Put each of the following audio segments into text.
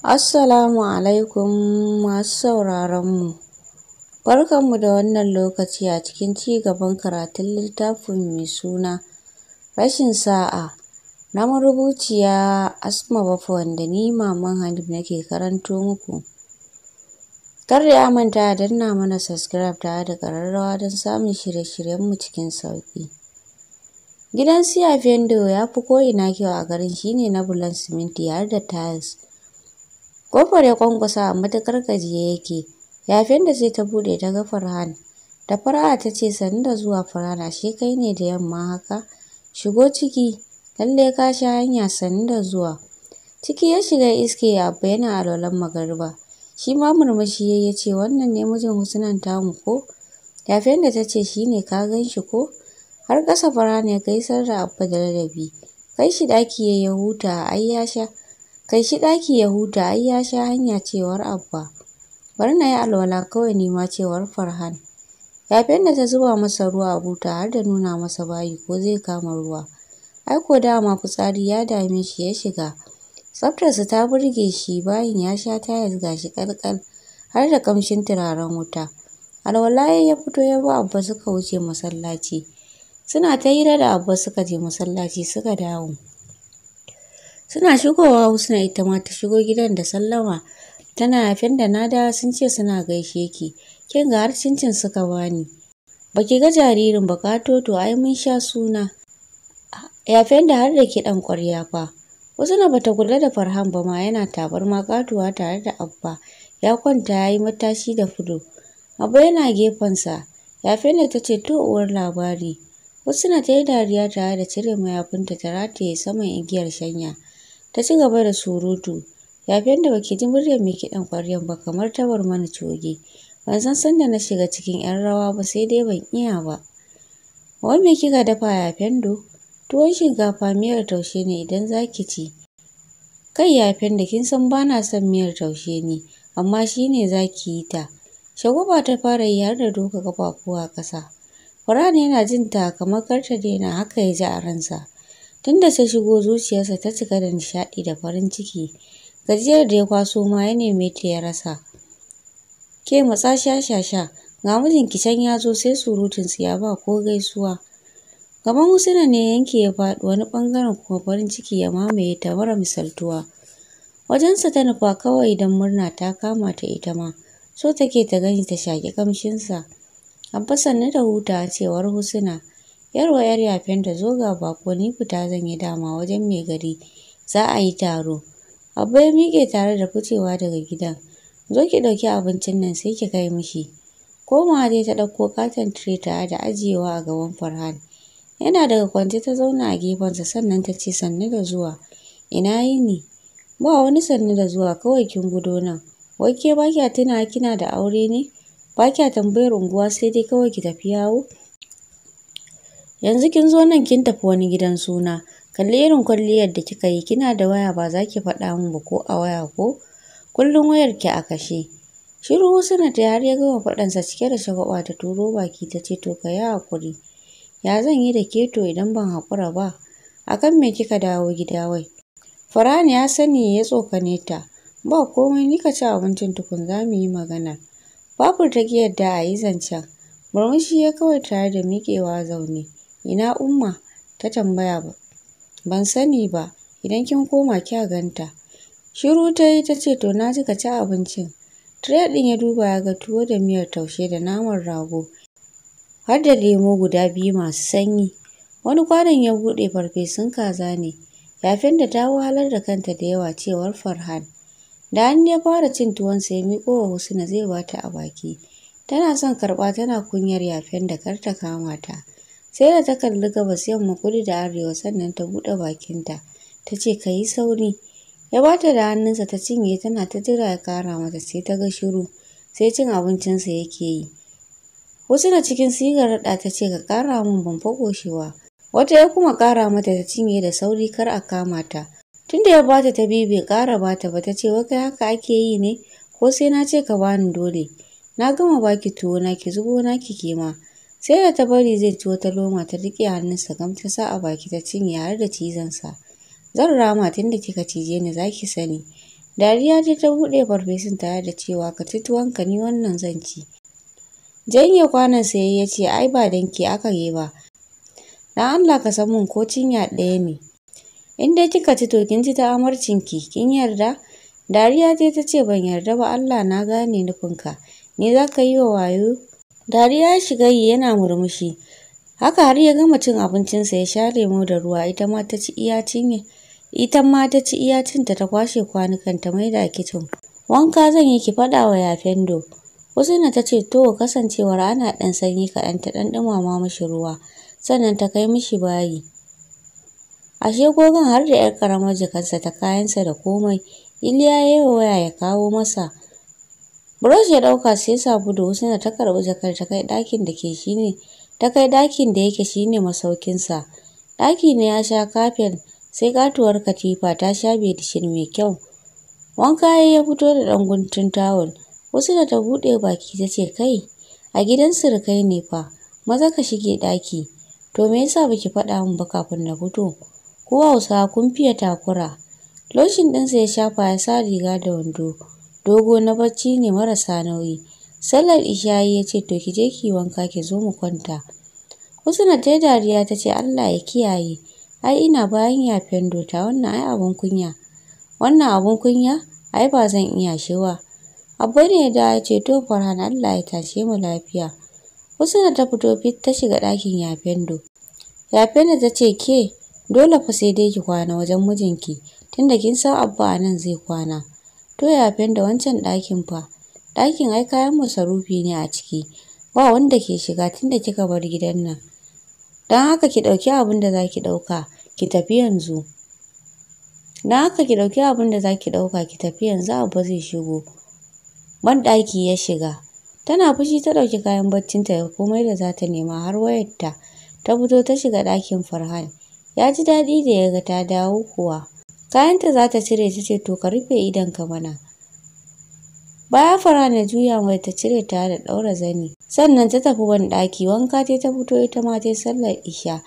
Assalamu alaikum masu mu. Barkanmu da wannan lokaci a cikin ci gaban karatun littafin mai suna Rashin sa'a na marubuciya Asma Bafa wanda ni Maman Hanif nake karanto muku. Kar da manta da danna mana subscribe ta da ƙararrawa don samun shirye-shiryenmu cikin sauƙi. Gidan Siya Fendo ya fi ko'ina kyau a garin shine na bulan siminti har da tiles. Kofar ya kwankwasa matukar gajiya yake. Yafin da sai ta bude ta ga Farhan. Da fara'a ta ce sannu da zuwa Farhana shi kai ne da yamma haka. Shigo ciki lallai ka sha hanya sannu da zuwa. Ciki ya shiga iske ya abba yana alwalan magariba. Shi ma murmushi yayi ya ce wannan ne mijin Husnan tamu ko? Yafin da ta ce shi ne ka gan shi ko? Har ƙasa Farhan ya gaisar da abba da ladabi. Kai shi ɗaki ya huta ai ya sha. kai shi ɗaki ya huta ai ya sha hanya cewar abba bari na yi alwala kawai ma cewar farhan yafin da ta zuba masa ruwa a buta har da nuna masa bayi ko zai kama ruwa ai ko dama fitsari ya dame shi ya shiga tsaftarsa ta burge shi bayan ya sha ga shi kalkal har da kamshin turaren wuta alwala ya fito ya ba abba suka wuce masallaci suna ta hira da abba suka je masallaci suka dawo Suna shigowa Husna ita ma ta shigo gidan da sallama. Tana da nada sun ce suna gaishe ki. Kin ga har cincin suka bani. Baki ga jaririn ba toto ai mun sha suna. yafin da har da kiɗan ƙwarya fa. Wasu na bata kula da Farhan ba ma yana tabar katuwa tare da Abba. Ya kwanta ya matashi da fudu. Abba yana sa, yafin da ta ce to uwar labari. Wasu na ta yi dariya tare da cire mayafinta ta rataye saman igiyar shanya. ta ci gaba da surutu yafen da baki ji muryar mai kiɗan ƙwaryan ba kamar ta bar mana coge ban san sanda na shiga cikin yan rawa ba sai dai ban iya ba wai me kika dafa yafen do tuwon shinkafa miyar taushe ne idan za ki ci kai yafen da kin san bana son miyar taushe ne amma shi shine ki yi ta shagwaba ta fara yi har da doka kafafuwa ƙasa Faran yana jin ta kamar ta haka ya ji a ransa Tunda ta shigo zuciyarsa ta cika da nishaɗi da farin ciki. Gajiyar da ya kwaso ma ya neme ta ya rasa. Ke matsa shashasha ga mijin can ya zo sai surutun ya ba ko gaisuwa. Gaban husina ne yanke ya faɗi wani ɓangaren kuma farin ciki ya mamaye ta mara misaltuwa. Wajensa ta nufa kawai idan murna ta kama ta ita ma. So take ta gani ta shaƙi ƙamshinsa. Abba na da huta cewar Husna. yarwa yar da zo ga bako ni fita zan yi dama wajen mai gari za a yi taro abba ya mike tare da ficewa daga gidan zo ki ɗauki abincin nan sai ki kai mishi komawa dai ta ɗauko katon tire tare da ajiyewa a gaban farhan yana daga kwance ta zauna a gefensa sannan ta ce sannu da zuwa ina yini ba wani sannu da zuwa kawai kin gudo nan wai ke ba kya tuna kina da aure ne ba kya tambayar unguwa sai dai kawai ki tafi yawo yanzu kin zo nan kin tafi wani gidan suna kalli irin kwalliyar da kika yi kina da waya ba za ki faɗa min ba ko a waya ko kullum wayar ki a kashe shiru suna ta har ya gama faɗansa cike da shagwaba ta turo baki ta ce to ka yi haƙuri ya zan yi da keto idan ban haƙura ba akan me kika dawo gida wai faran ya sani ya tsokane ta ba komai ni ka ci abincin tukun za mu yi magana Babur ta ki yadda a yi zancen murmushi ya kawai tare da miƙewa zaune Ina Umma? ta tambaya. ba. Ban sani ba, idan kin koma kya ganta. Shiru ta yi ta ce to na ji ka ci abincin. Tire ɗin ya duba ya ga tuwo da miyar taushe da naman rago. Har da lemo guda biyu masu sanyi. Wani kwanon ya buɗe farfesun kaza ne. Yafin da ta wahalar da kanta da yawa cewar Farhan. Da hannu ya fara cin tuwon tuwonsa ya miƙo wa Husna zai bata a baki. Tana son karɓa tana kunyar yafin da kar ta kama ta. sai da ta kalli gabas yamma kudu da arewa sannan ta buɗe bakinta ta ce ka yi sauri ya ba ta da hannunsa ta cinye tana ta jira ya kara mata sai ta ga shiru sai cin abincinsa yake yi wasu na cikin sigar raɗa ta ce ka kara min ban fagoshewa wata ya kuma kara mata ta cinye da sauri kar a kama ta tunda ya bata ta biyu bai kara bata ba ta ce wa kai haka ake yi ne ko sai na ce ka bani dole na gama baki tuwo na ki zubo na ki kema sai da ta bari zai ci ta loma ta riƙe hannunsa gam ta sa a baki ta cinye har da cizonsa zan rama tun da kika cije ni za ki sani dariya ce ta buɗe farfesun tare da cewa ka ci tuwanka ni wannan zan ci janye kwanan sai ya ce ai ba danki aka yi ba na Allah ka san mun ko cinya ɗaya ne in dai kika ci to kin ji ta ki kin yarda dariya ce ta ce ban yarda ba Allah na gane nufinka ni za ka yi wa wayo Dariya ya shiga yi yana murmushi. Haka har ya gama cin abincinsa ya sha lemo da ruwa ita ma ta ci iya cinye. Ita ma ta ci iya cinta ta kwashe kwanukan ta maida kicin. Wanka zan yi ki faɗa wa Yafendo. Husna ta ce to kasancewar ana ɗan sanyi kaɗan ta ɗan ɗumama mishi ruwa sannan ta kai mishi bayi. Ashe gogon har da ‘yar ƙaramar jikarsa ta kayansa da komai. Iliya ya yi waya ya kawo masa Burosh ya ɗauka sai sabulu Husna ta karbi jakar ta kai dakin da ke shine ta kai ɗakin da yake shine masaukinsa. Ɗaki ne ya sha kafin sai gatuwar katifa ta sha bedishin mai kyau. Wanka ya ya fito da ɗan guntun tawul. na ta buɗe baki ta ce kai a gidan surukai ne fa maza ka shige ɗaki. To me yasa baki faɗa min ba kafin na fito? ko Hausawa kun fiye takura. Loshin ɗinsa ya shafa ya sa riga da wando. dogo na bacci ne marasa nauyi sallar ishayi ya ce to ki je ki wanka ki zo mu kwanta husna ta dariya ta ce allah ya kiyaye ai ina bayan ya fendo ta wannan ai abun kunya wannan abun kunya ai ba zan iya shewa Abba ne da ya ce to farhan allah ya tashe mu lafiya husna ta fito fit ta shiga ɗakin ya fendo ya fendo ta ce ke dole fa sai dai ki kwana wajen mijinki tunda kin san abba a nan zai kwana To yafen da wancan ɗakin fa. Ɗakin ai kayan masarufi ne a ciki. Ba wanda ke shiga tunda kika bar gidan nan. Don haka ki ɗauki abin da za ki ɗauka, ki tafi yanzu. haka ki ɗauki abin da za ki ki tafi yanzu Abba zai shigo. ɗaki ya shiga. Tana fushi ta ɗauki kayan baccinta ya komai da za ta nema har wayarta. Ta fito ta shiga ɗakin Farhan. Ya ji daɗi da ya ga ta dawo kuwa. kayanta za ta cire ta ce to ka rufe ka mana baya fara na juya mai ta cire ta da ɗaura zani sannan ta tafi wani ɗaki wanka ta ta fito ita ma ta sallar isha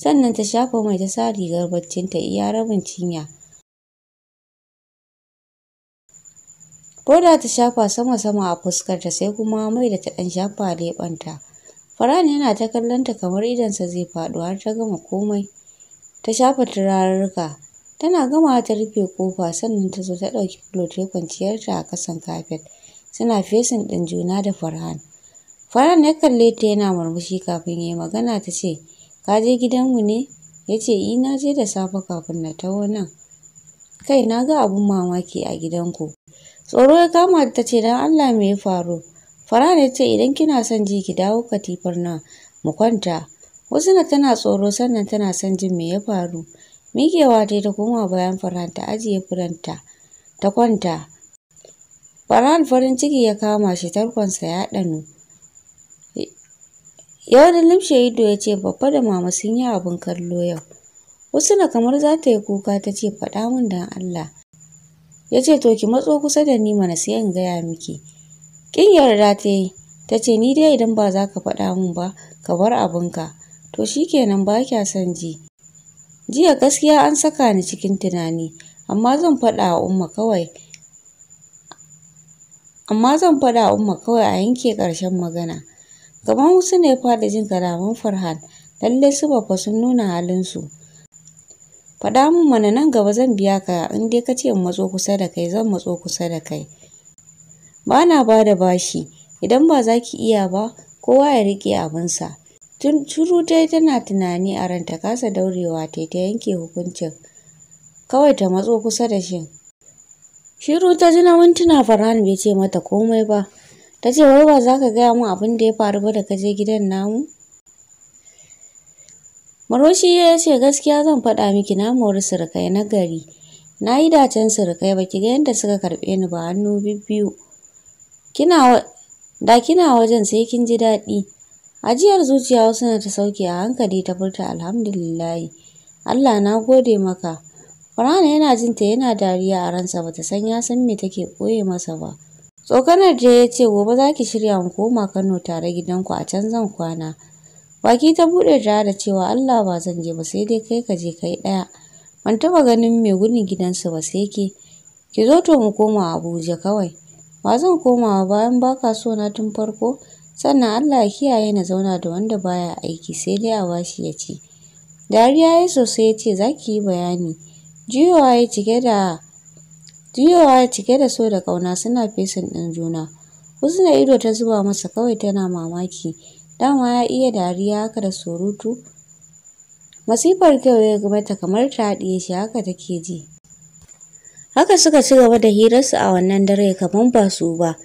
sannan ta shafa mai ta sa rigar baccinta iya rabin cinya Koda ta shafa sama-sama a fuskarta sai kuma mai da ta ɗan shafa leɓanta. Faran yana ta kallonta kamar idansa zai faɗo har ta gama komai. Ta shafa turarurruka Tana gama ta rufe kofa sannan ta zo ta ɗauki filo ta kwanciyarta a ƙasan kafet. Suna fesin ɗin juna da Farhan. Farhan ya kalle ta yana murmushi kafin ya yi magana ta ce, Ka je gidanmu ne? Ya ce, I eh, na je da safe kafin na taho nan. Kai na ga abun mamaki a gidanku. Tsoro ya kama ta ce, Don Allah me ya faru? Farhan ya ce, Idan kina son ji ki dawo katifar nan mu kwanta. Wasu na tana tsoro sannan tana son jin me ya faru. Mikewa ta ta koma bayan faran ta ajiye furanta ta kwanta. faran farin ciki ya kama shi tarkonsa ya ɗanu. Yawan da limshe ido ya ce babba da mama sun yi abin kallo yau. Wasu na kamar za ta yi kuka ta ce faɗa min don Allah. Ya ce to ki matso kusa da ni mana sai in gaya miki. Kin yarda ta yi ta ce ni dai idan ba za ka faɗa min ba ka bar abinka. To shi kenan ba kya son ji. Jiya gaskiya an saka ni cikin tunani, amma zan faɗa wa Umma kawai. Amma zan faɗa wa Umma kawai a yanke ƙarshen magana. kamar wasu ne fada jin kalaman Farhan, lallai su ba sun nuna halin su. Faɗa min mana nan gaba zan biya ka in dai ka ce in matso kusa da kai zan matso kusa da kai. Ba na ba da bashi, idan ba za ki iya ba kowa ya riƙe abinsa. Shiru dai tana tunani a ranta kasa daurewa tai ta yanke hukuncin kawai ta matso kusa da shi. Shiru ta ji na mintuna Farhan bai ce mata komai ba. Ta ce wai ba za ka gaya min abin da ya faru ba da ka je gidan namu? Maroshi ya ce gaskiya zan faɗa miki na mori sirkai na gari. Na yi dacen sirkai ba ki ga yadda suka karɓe ni ba hannu biyu Kina da kina wajen sai kin ji daɗi. Ajiyar zuciya wasu na ta sauke a hankali ta furta alhamdulillahi. Allah na gode maka. Farhana yana jin ta yana dariya a ransa bata san ya san me take koye masa ba. Tsokanar da ya ce gobe za ki shirya mu koma Kano tare gidanku a can zan kwana. Baki ta buɗe da da cewa Allah ba zan je ba sai dai kai ka je kai ɗaya. Ban taɓa ganin mai gudun gidansu ba sai ke. Ki zo to mu koma Abuja kawai. Ba zan koma bayan baka so na tun farko. sannan Allah ya kiyaye na zauna da wanda baya aiki sai dai a washi ya ci. Dariya ya sosai ya ce za ki yi bayani. Juyowa ya cike da Juyowa ya cike da so da ƙauna suna fesin ɗin juna. Husna ido ta zuba masa kawai tana mamaki. Dama ya iya dariya haka da surutu. Masifar kyau ya ga ta kamar ta haɗiye shi haka take ji. Haka suka ci gaba da hirarsu a wannan dare kamar ba su ba.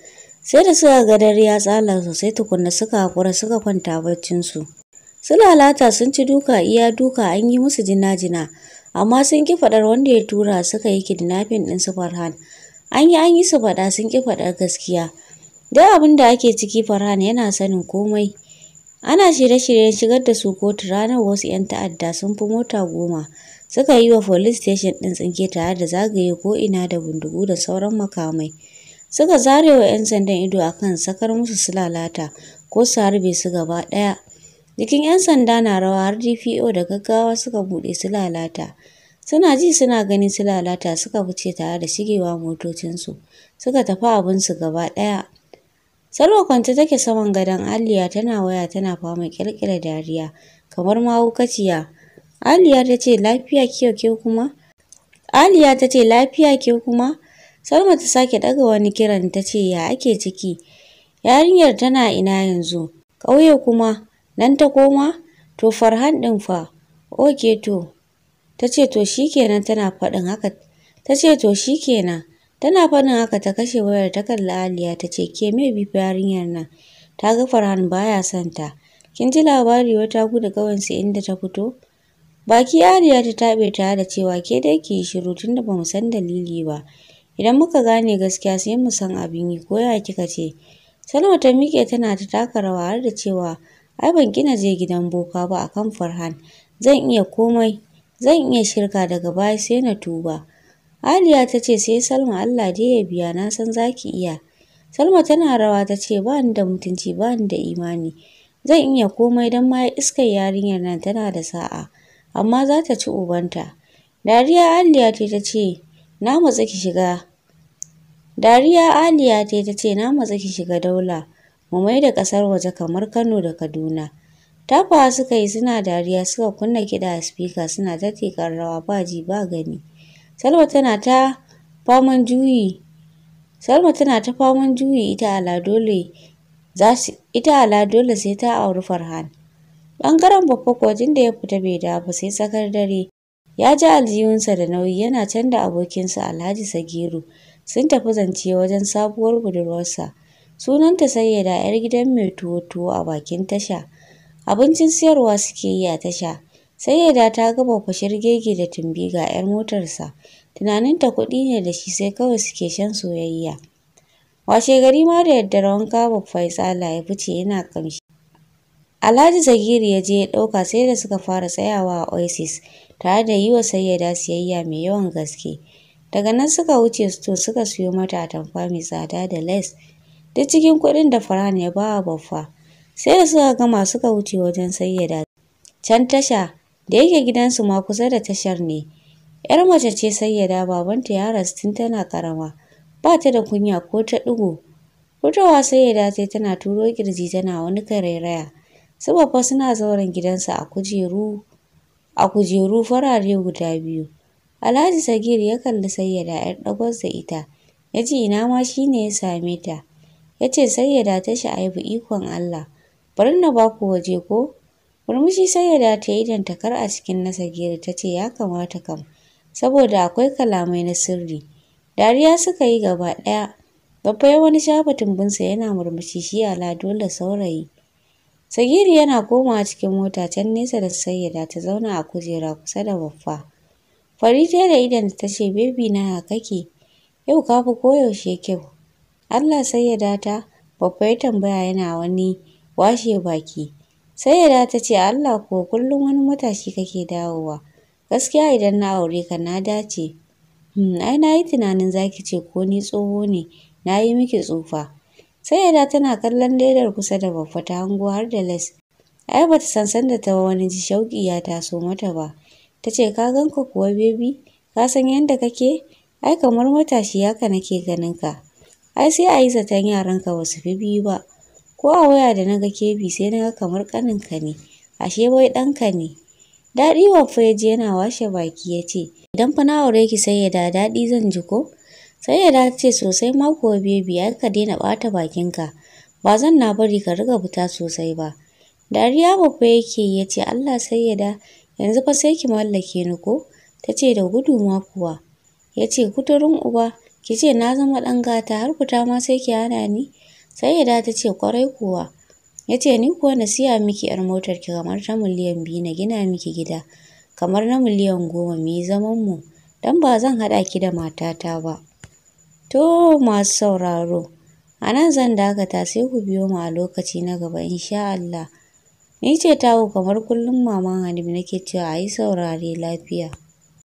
sai da suka ga dare ya tsala sosai tukunna suka haƙura suka kwanta baccinsu su lalata sun ci duka iya duka an yi musu jina-jina amma sun ki faɗar wanda ya tura suka yi kidnapping ɗin su farhan an yi an yi su faɗa sun ki faɗar gaskiya da abin da ake ciki farhan yana sanin komai ana shirye shirye shigar da su kotu ranar wasu 'yan ta'adda sun fi mota goma suka yi wa police station ɗin tsinke tare da zagaye ko'ina da bindigu da sauran makamai suka zare wa 'yan sandan ido akan sakar musu su lalata ko su harbe su gaba ɗaya jikin 'yan sanda na rawa har dpo da gaggawa suka buɗe su lalata suna ji suna ganin sulalata suka fice tare da shigewa motocinsu suka tafi abinsu gaba ɗaya salwa kwanta take saman gadon aliya tana waya tana fama kirkira dariya kamar mahaukaciya aliya ta aliya ta ce lafiya ke kuma Salma ta sake daga wani kiran ta ce ya ake ciki. Yarinyar tana ina yanzu, ƙauye kuma, nan ta koma? To Farhan ɗin fa, oke to. Ta ce to shi kenan tana faɗin haka. Ta ce to shi kenan. Tana faɗin haka ta kashe wayar ta kalli Aliya ta ce ke me bi yarinyar nan. Ta ga Farhan baya son ta. Kin ji labari wata gudu ƙawansu inda ta fito? Baki Aliya ta taɓe ta da cewa ke dai ki yi shiru tunda ba mu san dalili ba. idan muka gane gaskiya sai mu san abin yi ko ya kika ce salma ta miƙe tana ta taka rawa har da cewa ai ban gina je gidan boka ba akan farhan zan iya komai zan iya shirka daga baya sai na tuba aliya ta ce sai salma allah dai ya biya na san zaki iya salma tana rawa ta ce ba ni da mutunci ba ni da imani zan iya komai don ma iskar yarinyar nan tana da sa'a amma za ta ci ubanta dariya aliya ta ce na matsa ki shiga Dariya Aliya ce ta ce na matsa ki shiga daula mu mai da ƙasar waje kamar Kano da Kaduna. Tafawa suka yi suna dariya suka kunna kiɗa a suna ta tikar rawa ba ji ba gani. Salma tana ta faman juyi Salma tana ta faman juyi ita ala dole za ita ala dole sai ta auri Farhan. Bangaren babba kuwa da ya fita bai dawo ba sai tsakar dare. Ya ji aljihunsa da nauyi yana can abokinsa Alhaji Sagiru sun tafi zance wajen sabuwar budurwarsa. Sunanta Sayyada ‘yar gidan mai tuwo-tuwo a bakin tasha. Abincin siyarwa suke yi a tasha. Sayyada ta gama fashar gege da tumbi ga ‘yar motarsa. Tunaninta kuɗi ne da shi sai kawai suke shan soyayya. Washe gari ma da yadda rawan babba tsala ya fice yana ƙamshi. Alhaji Zagiri ya je ya ɗauka sai da suka fara tsayawa a Oasis tare da yi wa Sayyada siyayya mai yawan gaske. daga nan suka wuce to suka siyo mata atamfa mai tsada da les duk cikin kuɗin da faran ya ba baffa sai da suka gama suka wuce wajen sayyada can tasha da yake gidansu ma kusa da tashar ne yar mace ce sayyada babanta ya tun tana karama ba ta da kunya ko ta ɗigo fitowa sayyada sai tana turo kirji tana wani karairaya su babba suna zauren gidansa a kujeru a kujeru farare guda biyu Alhaji Sagir ya kalli Sayyada ‘yar ɗagonsa da ita, ya ji ina ma shi ne ya same ta. Ya ce Sayyada ta sha'aibu ikon Allah, bari na ba ku waje ko? Murmushi Sayyada ta yi dantakar a cikin na Sagir ta ce ya kamata kam, saboda akwai kalamai na sirri. Dariya suka yi gaba ɗaya, babba ya wani shafa tumbinsa yana murmushi shi ala dole saurayi. Sagiri yana komawa cikin mota can nesa da Sayyada ta zauna a kujera kusa da Baffa. Farida da da ta ce, bebi na ya kake? Yau ka fi koyaushe kyau. Allah sai ya ta, babba ya tambaya yana wani washe baki. Sai Sayyada ta ce, Allah ko kullum wani matashi kake dawowa. Gaskiya idan na aure ka na dace. Hmm, ai na yi tunanin zaki ce ko ni tsoho ne, na yi miki tsufa. Sai yada tana kallon ledar kusa da babba ta hango har da les. Ai bata san sanda ta wani ji shauƙi ya taso mata ba. ta ce ka gan ka kuwa bebi ka san yadda kake ai kamar matashi haka nake ganin ka ai sai a yi zaton yaranka ba su fi biyu ba ko a waya da na ga kebi sai na ga kamar ka ne ashe wai ɗanka ne daɗi wafa ya ji yana washe baki ya ce idan fa na aure ki sai ya da daɗi zan ji ko sai ya da ce sosai ma kuwa bebi ai ka daina ɓata bakinka ba zan na bari ka riga fita sosai ba dariya babba yake yace allah sai ya yanzu fa sai ki mallake ni ko ta ce da gudu kuwa ya ce kuturin uba ki ce na zama ɗan gata har fita ma sai ki hana ni sai ya ta ce kwarai kuwa ya ce ni kuwa na siya miki yar motar ki kamar ta miliyan biyu na gina miki gida kamar na miliyan goma mu yi zaman mu don ba zan haɗa ki da matata ba to masu sauraro a nan zan dakata sai ku biyo mu a lokaci na gaba insha Allah Ni ce tawo kamar kullum maman Halim nake cewa a yi saurare lafiya.